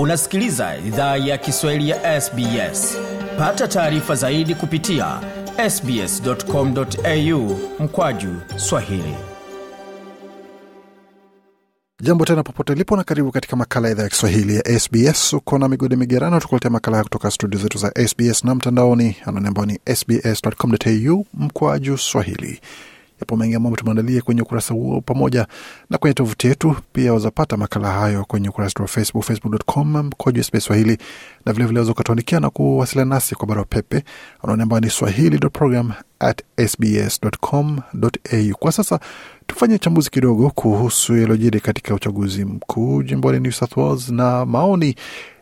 unasikiliza idhaa ya kiswahili ya sbs pata taarifa zaidi kupitia sbscomau mkwaju swahili jambo tena popote lipo na karibu katika makala ya idhaa ya kiswahili ya sbs uko na migode migerano tukuletea makala ya kutoka studio zetu za sbs na mtandaoni anani ambao ni sbscomau mkwaju swahili Yapo mengi ambayo tumeandalia kwenye ukurasa huo pamoja na kwenye tovuti yetu. Pia wazapata makala hayo kwenye ukurasa wa Facebook, facebook.com mkoju SBS Swahili, na vilevile waweza ukatuandikia na kuwasiliana nasi kwa barua pepe anaone ambayo ni swahili.program@sbs.com.au. Kwa sasa tufanye chambuzi kidogo kuhusu yaliyojiri katika uchaguzi mkuu jimboni New South Wales na maoni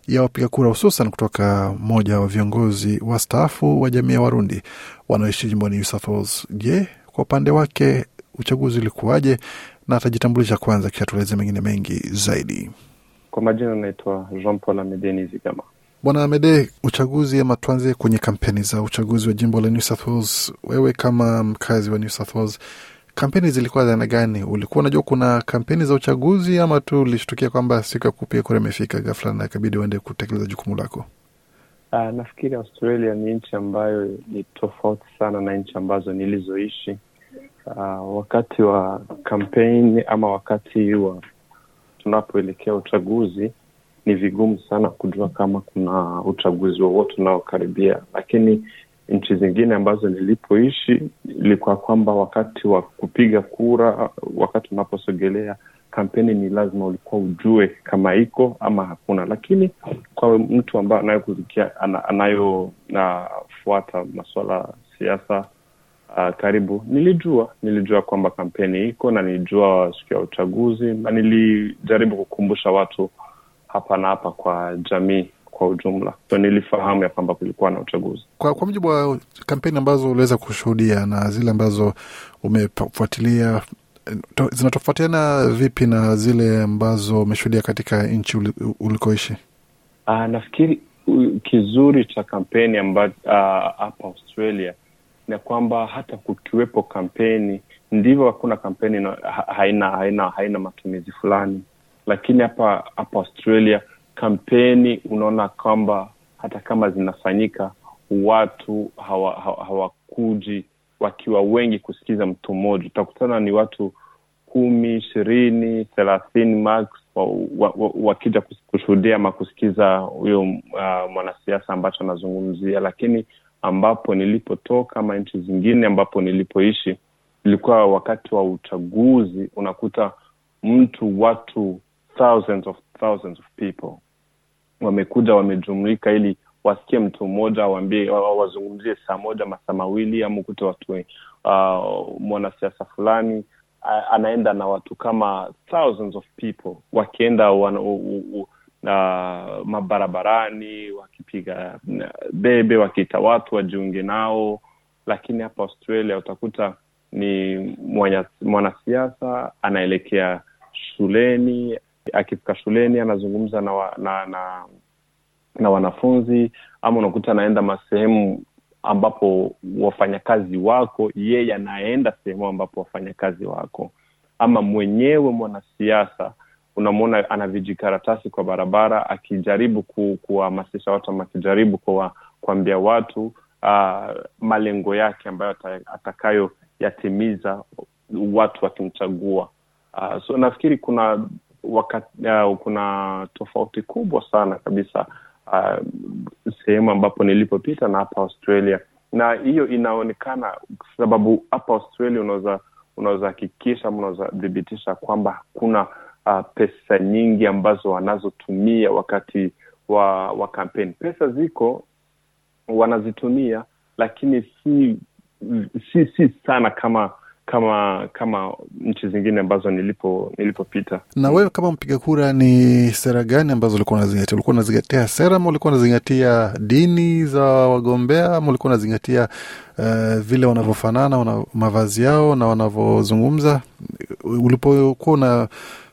ya wapiga kura hususan kutoka mmoja wa viongozi wa staafu wa jamii ya Warundi wanaoishi jimboni New South Wales. Je, kwa upande wake uchaguzi ulikuwaje, na atajitambulisha kwanza, kisha tueleze mengine mengi zaidi. Kwa majina anaitwa Jean Paul Amede Nizigama. Bwana Amede, uchaguzi ama tuanze kwenye kampeni za uchaguzi wa jimbo la New South Wales. Wewe kama mkazi wa New South Wales, kampeni zilikuwa za aina gani? Ulikuwa unajua kuna kampeni za uchaguzi ama tu ulishtukia kwamba siku ya kupiga kura imefika gafla na ikabidi uende kutekeleza jukumu lako? Uh, nafikiri Australia ni nchi ambayo ni tofauti sana na nchi ambazo nilizoishi uh, wakati wa kampeni ama wakati wa tunapoelekea uchaguzi ni vigumu sana kujua kama kuna uchaguzi wowote unaokaribia, lakini nchi zingine ambazo nilipoishi ilikuwa kwamba wakati wa kupiga kura, wakati unaposogelea kampeni, ni lazima ulikuwa ujue kama iko ama hakuna. Lakini kwa mtu ambaye anayekuzikia anayofuata ah, masuala siasa uh, karibu. Nilijua nilijua kwamba kampeni iko na nilijua siku ya uchaguzi, na nilijaribu kukumbusha watu hapa na hapa kwa jamii kwa ujumla. So nilifahamu ya kwamba kulikuwa na uchaguzi. Kwa, kwa mujibu wa kampeni ambazo uliweza kushuhudia na zile ambazo umefuatilia to, zinatofautiana vipi na zile ambazo umeshuhudia katika nchi ulikoishi? Uh, nafikiri kizuri cha kampeni ah, hapa uh, Australia na kwamba hata kukiwepo kampeni ndivyo, hakuna kampeni na, haina haina haina matumizi fulani, lakini hapa hapa Australia kampeni unaona kwamba hata kama zinafanyika watu hawakuji hawa, hawa wakiwa wengi kusikiza mtu mmoja, utakutana ni watu kumi ishirini thelathini max wakija wa, wa kushuhudia ama kusikiza huyo uh, mwanasiasa ambacho anazungumzia, lakini ambapo nilipotoka ama nchi zingine ambapo nilipoishi ilikuwa wakati wa uchaguzi unakuta mtu watu thousands of thousands of people wamekuja wamejumuika ili wasikie mtu mmoja waambie wazungumzie saa moja masaa mawili ama ukute watu uh, mwanasiasa fulani anaenda na watu kama thousands of people wakienda wana, u, u, u, uh, mabarabarani wakipiga debe wakiita watu wajiunge nao lakini hapa australia utakuta ni mwanasiasa anaelekea shuleni akifika shuleni anazungumza na, wa, na, na na wanafunzi ama unakuta anaenda masehemu ambapo wafanyakazi wako yeye anaenda sehemu ambapo wafanyakazi wako ama mwenyewe mwanasiasa unamwona ana vijikaratasi kwa barabara akijaribu kuwahamasisha watu ama akijaribu kuambia watu uh, malengo yake ambayo atakayoyatimiza watu wakimchagua uh, so nafikiri kuna wakati, uh, ah, kuna tofauti kubwa sana kabisa uh, sehemu ambapo nilipopita na hapa australia na hiyo inaonekana sababu hapa australia unaweza hakikisha ama unaweza thibitisha kwamba hakuna uh, pesa nyingi ambazo wanazotumia wakati wa wa kampeni. Pesa ziko wanazitumia, lakini si si si sana kama kama kama nchi zingine ambazo nilipo nilipopita. Na hmm. wewe kama mpiga kura, ni sera gani ambazo ulikuwa unazingatia? Ulikuwa unazingatia sera ama ulikuwa unazingatia dini za wagombea ama ulikuwa unazingatia uh, vile wanavyofanana, mavazi yao na wanavyozungumza? Ulipokuwa una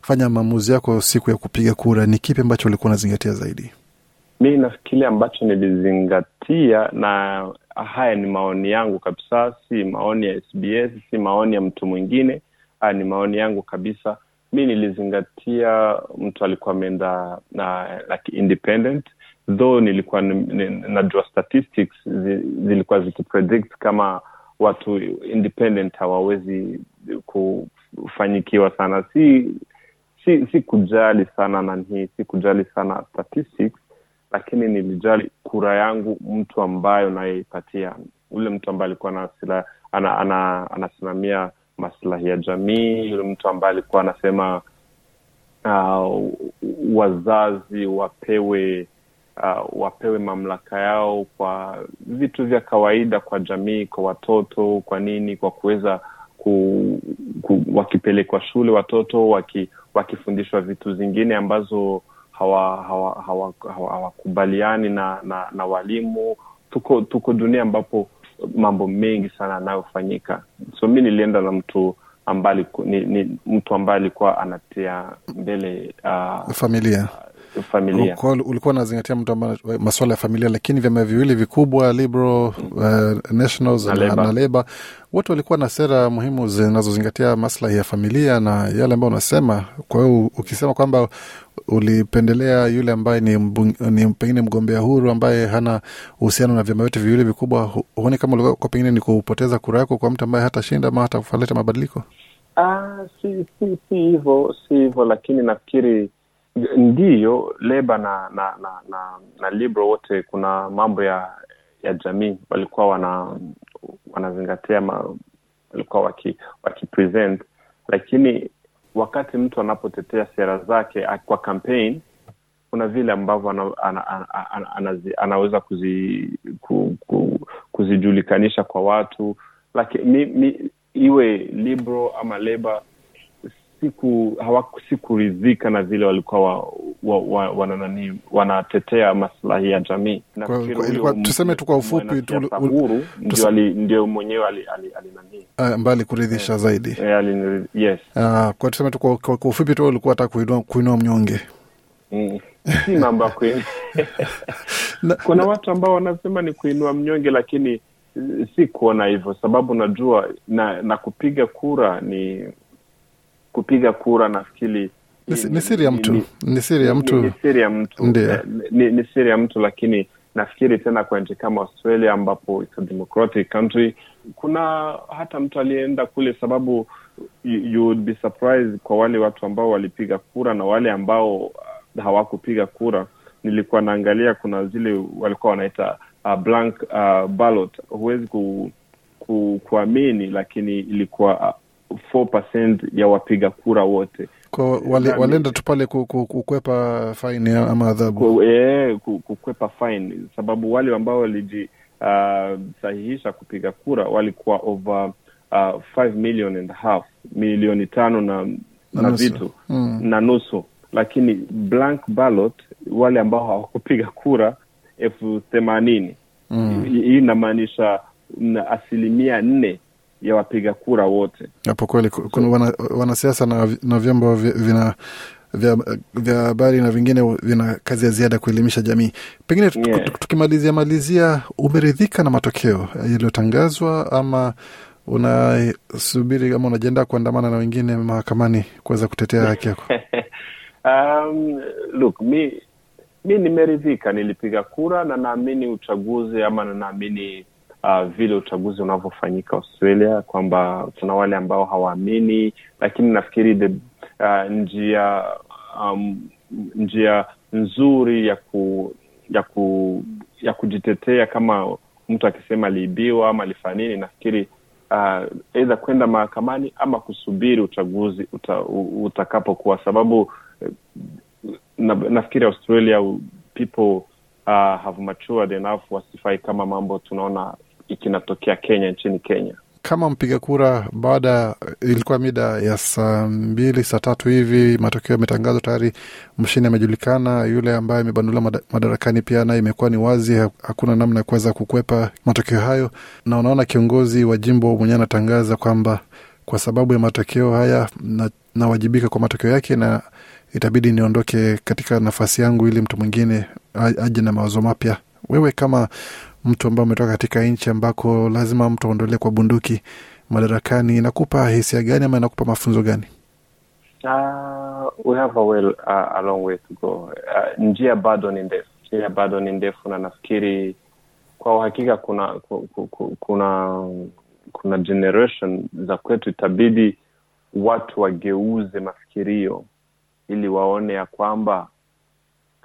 fanya maamuzi yako siku ya kupiga kura, ni kipi ambacho ulikuwa unazingatia zaidi? Mi na kile ambacho nilizingatia, na haya ni maoni yangu kabisa, si maoni ya SBS, si maoni ya mtu mwingine, haya ni maoni yangu kabisa. Mi nilizingatia mtu alikuwa ameenda na like independent though nilikuwa najua statistics zilikuwa zikipredict kama watu independent hawawezi kufanyikiwa sana si si si kujali sana nanhii si kujali sana statistics lakini nilijali kura yangu mtu ambayo nayeipatia ule mtu ambaye alikuwa na ana, ana, anasimamia maslahi ya jamii yule mtu ambaye alikuwa anasema uh, wazazi wapewe uh, wapewe mamlaka yao kwa vitu vya kawaida kwa jamii kwa watoto kwa nini kwa kuweza ku, ku, wakipelekwa shule watoto waki wakifundishwa vitu zingine ambazo hawakubaliani hawa, hawa, hawa, hawa na, na na walimu. Tuko tuko dunia ambapo mambo mengi sana yanayofanyika. So mi nilienda na mtu ambaye ni, ni mtu ambaye alikuwa anatia mbele uh, familia uh, familia. Ulikuwa, ulikuwa unazingatia mtu masuala ya familia, lakini vyama viwili vikubwa Liberal, uh, Nationals na wote walikuwa na sera muhimu zinazozingatia maslahi ya familia na yale ambayo unasema. Kwa hiyo ukisema kwamba ulipendelea yule ambaye ni, ni pengine mgombea huru ambaye hana uhusiano na vyama vyote viwili vikubwa, huoni kama ulikuwa pengine ni kupoteza kura yako kwa mtu ambaye hatashinda ama kufaleta mabadiliko? Ah, si si si hivyo, si si, lakini nafikiri ndiyo leba na na na, na, na libro wote kuna mambo ya ya jamii walikuwa wana wanazingatia ma, walikuwa waki, wakipresent lakini wakati mtu anapotetea sera zake kwa campaign kuna vile ambavyo ana, ana, ana, ana, ana, anaweza kuzi, ku, ku, kuzijulikanisha kwa watu lakini iwe libro ama leba siku hawakusikuridhika na vile walikuwa wa, wa, wa, wa, wa, wananani wanatetea maslahi ya jamii. Tuseme tu kwa ufupi ndio mwenyewe ambaye alikuridhisha ah, eh, zaidi. yeah, Yes, ah, kwa tuseme tu kwa kwa, kwa ufupi tu ulikuwa hata kuinua mnyonge mm. si mambo ya kuna watu ambao wanasema ni kuinua mnyonge lakini eh, si kuona hivyo, sababu najua na, na kupiga kura ni kupiga kura nafikiri ni siri ya mtu ni siri ya mtu eh, ni siri ya mtu ni, siri ya mtu lakini nafikiri tena kwa nchi kama australia ambapo it's a democratic country kuna hata mtu aliyeenda kule sababu you, you would be surprised kwa wale watu ambao walipiga kura na wale ambao uh, hawakupiga kura nilikuwa naangalia kuna zile walikuwa wanaita uh, blank uh, ballot huwezi ku, ku, kuamini lakini ilikuwa uh, 4% ya wapiga kura wote kwa wale, yaani- walienda tu pale kukwepa faini ama adhabu e, kukwepa faini sababu wale ambao walijisahihisha uh, kupiga kura walikuwa over uh, 5 million and half milioni tano na na vitu mm. na nusu lakini blank ballot wale ambao hawakupiga kura elfu themanini mm. hii inamaanisha asilimia nne ya wapiga kura wote. Hapo kweli kuna so, wana, wanasiasa na, na vyombo vina vya habari na vingine vina kazi ya ziada kuelimisha jamii. Pengine yeah, tukimalizia malizia, umeridhika na matokeo yaliyotangazwa ama unasubiri ama unajiandaa kuandamana na wengine mahakamani kuweza kutetea haki yako? Um, look, mi, mi nimeridhika, nilipiga kura na naamini uchaguzi ama nanaamini uh, vile uchaguzi unavyofanyika Australia, kwamba kuna wale ambao hawaamini, lakini nafikiri the, uh, njia um, njia nzuri ya ku ya ku ya kujitetea kama mtu akisema aliibiwa ama alifanini nafikiri uh, eidha kwenda mahakamani ama kusubiri uchaguzi uta, utakapokuwa, sababu uh, na, nafikiri Australia people uh, have matured enough, wasifai kama mambo tunaona kinatokea Kenya, nchini Kenya kama mpiga kura, baada ilikuwa mida ya saa mbili saa tatu hivi, matokeo yametangazwa tayari, mshini amejulikana. Yule ambaye amebanduliwa madarakani pia naye imekuwa ni wazi, hakuna namna ya kuweza kukwepa matokeo hayo. Na unaona kiongozi wa jimbo mwenyewe anatangaza kwamba kwa sababu ya matokeo haya nawajibika na kwa matokeo yake, na itabidi niondoke katika nafasi yangu ili mtu mwingine aje na mawazo mapya. Wewe kama mtu ambaye umetoka katika nchi ambako lazima mtu aondolee kwa bunduki madarakani, inakupa hisia gani ama inakupa mafunzo gani? Uh, we have a well, uh, a long way to go. Uh, njia bado ni ndefu, njia bado ni ndefu, na nafikiri kwa uhakika kuna kuna kuna generation za kwetu itabidi watu wageuze mafikirio ili waone ya kwamba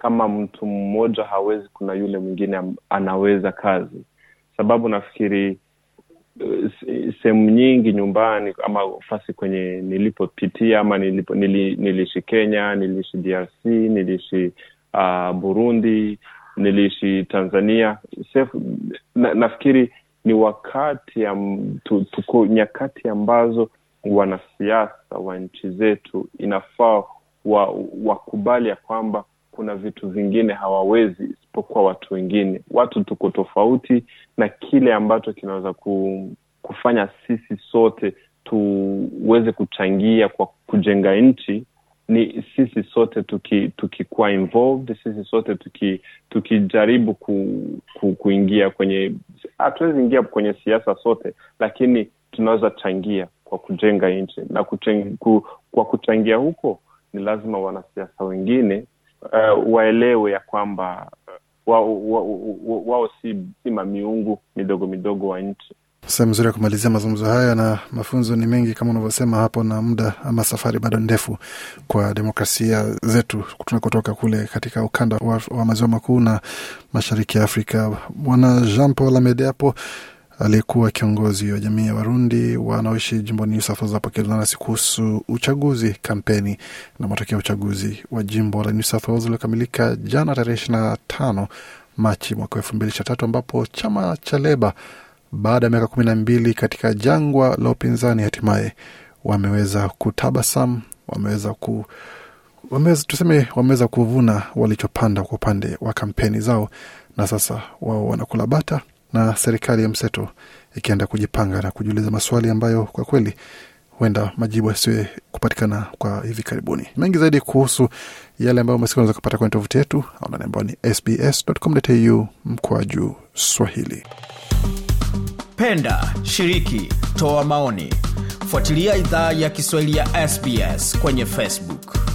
kama mtu mmoja hawezi kuna yule mwingine anaweza kazi sababu nafikiri eh, sehemu nyingi nyumbani ama fasi kwenye nilipopitia ama nilipo, nili, niliishi kenya niliishi drc niliishi uh, burundi niliishi tanzania Sef, na, nafikiri ni wakati ya, tu, tuko nyakati ambazo wanasiasa wa nchi zetu inafaa wakubali wa ya kwamba kuna vitu vingine hawawezi isipokuwa watu wengine. Watu tuko tofauti, na kile ambacho kinaweza kufanya sisi sote tuweze kuchangia kwa kujenga nchi ni sisi sote tukikuwa tuki involved, sisi sote tukijaribu tuki ku, ku, kuingia kwenye, hatuwezi ingia kwenye siasa sote, lakini tunaweza changia kwa kujenga nchi na kuchangia, ku, kwa kuchangia huko ni lazima wanasiasa wengine uh, waelewe ya kwamba eh, wao wa, wa, wa, wa, si, si mamiungu midogo midogo wa nchi. Sehemu nzuri ya kumalizia mazungumzo haya, na mafunzo ni mengi kama unavyosema hapo, na muda ama safari bado ndefu kwa demokrasia zetu tunakotoka kule katika ukanda wa, wa maziwa makuu na mashariki ya Afrika. Bwana Jean Paul Amede hapo aliyekuwa kiongozi wa jamii ya Warundi wanaoishi jimboni New South Wales nasi kuhusu uchaguzi, kampeni na matokeo ya uchaguzi wa jimbo la New South Wales uliokamilika jana tarehe ishirini na tano Machi mwaka elfu mbili ishirini na tatu ambapo chama cha Leba baada ya miaka kumi na mbili katika jangwa la upinzani hatimaye wameweza kutabasam wameweza ku wameweza, tuseme wameweza kuvuna walichopanda kwa upande wa kampeni zao, na sasa wao wanakula bata na serikali ya mseto ikienda kujipanga na kujiuliza maswali ambayo kwa kweli huenda majibu yasiwe kupatikana kwa hivi karibuni. Mengi zaidi kuhusu yale ambayo umesikia unaweza kupata kwenye tovuti yetu aunani ambao ni sbs.com.au mkwa juu Swahili. Penda, shiriki, toa maoni, fuatilia idhaa ya Kiswahili ya SBS kwenye Facebook.